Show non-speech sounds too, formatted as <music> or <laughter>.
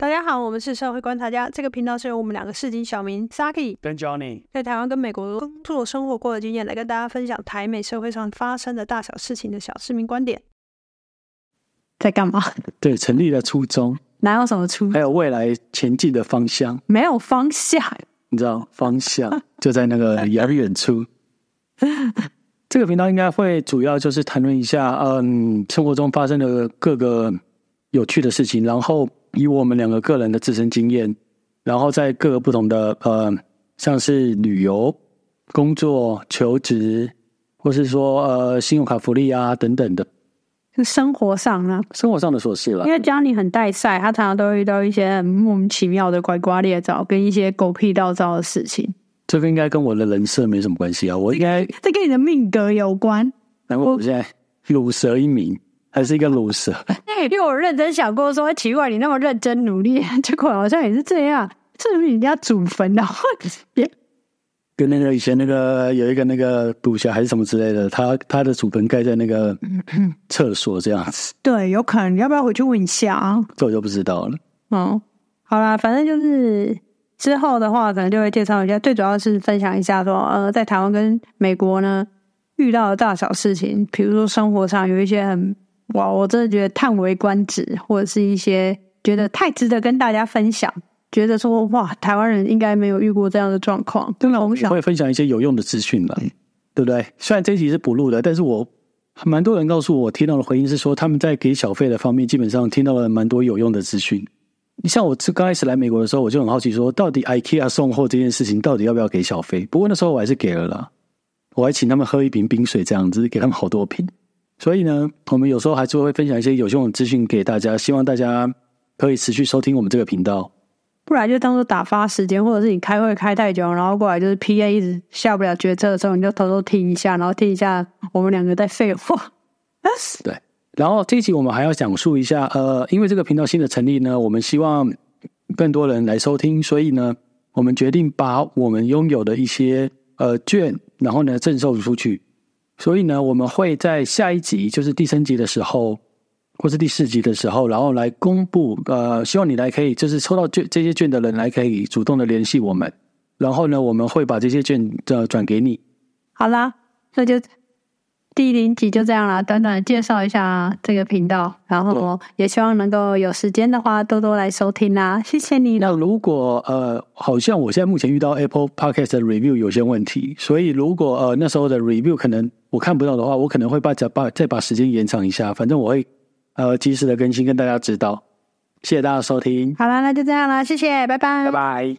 大家好，我們是社會觀察家。這個頻道是由我們兩個市井小民 Saki 跟 Johnny 在台灣跟美國工作生活過的經驗，來跟大家分享台美社會上發生的大小事情的小市民觀點。在幹嘛？對，成立的初衷。哪有什麼初衷？還有未來前進的方向？沒有方向，你知道方向 <laughs> 就在那個遙遠處。 <laughs> 這個頻道應該會主要就是談論一下，嗯，生活中發生的各個有趣的事情，然後。以我們兩個個人的自身經驗，然後在各個不同的呃，像是旅遊、工作、求職，或是說呃，信用卡福利啊等等的，是生活上呢，生活上的瑣事了。因為 Johnny 很帶塞，他常常都遇到一些很莫名其妙的怪瓜裂棗，跟一些狗屁倒灶的事情。這個應該跟我的人設沒什麼關係啊，我應該這跟你的命格有關。那我現在魯蛇一名。我我還是一個魯蛇、欸，因為我認真想過說，說、欸、奇怪，你那麼認真努力，結果好像也是這樣，證明人家祖墳啊，別、yeah. 跟那個以前那個有一個那個賭俠還是什麼之類的，他他的祖墳蓋在那個廁所這樣子、嗯嗯，對，有可能，你要不要回去問一下啊？這我就不知道了。嗯、哦，好啦，反正就是之後的話，可能就會介紹一下，最主要是分享一下說，呃，在台灣跟美國呢遇到的大小事情，比如說生活上有一些很。哇，我真的覺得嘆為觀止，或者是一些覺得太值得跟大家分享，覺得說哇，台灣人應該沒有遇過這樣的狀況，當然、嗯、我會分享一些有用的資訊了，嗯、對不對？雖然這一集是補錄的，但是我還蠻多人告訴我，我聽到的回應是說，他們在給小費的方面，基本上聽到了蠻多有用的資訊。你像我，就剛開始來美國的時候，我就很好奇說，到底 IKEA 送貨這件事情到底要不要給小費？不過那時候我還是給了啦，我還請他們喝一瓶冰水，這樣子給他們好多瓶。所以呢，我們有時候還是會分享一些有用的資訊給大家，希望大家可以持續收聽我們這個頻道。不然就當做打發時間，或者是你開會開太久，然後過來就是 PA 一直下不了決策的時候，你就偷偷聽一下，然後聽一下我們兩個在廢話。對。然後這一集我們還要講述一下，呃，因為這個頻道新的成立呢，我們希望更多人來收聽，所以呢，我們決定把我們擁有的一些呃券，然後呢贈送出去。所以呢，我們會在下一集，就是第三集的時候，或是第四集的時候，然後來公布。呃，希望你來可以，就是抽到這這些券的人來可以主動的聯繫我們。然後呢，我們會把這些券的、呃、轉給你。好啦，那就。第零集就這樣啦，短短的介紹一下這個頻道，然後也希望能夠有時間的話多多來收聽啦，謝謝你。那如果呃，好像我現在目前遇到 Apple Podcast 的 review 有些問題，所以如果呃那時候的 review 可能我看不到的話，我可能會把把再把時間延長一下，反正我會呃及時的更新跟大家知道。謝謝大家收聽，好啦，那就這樣啦，謝謝，拜拜，拜拜。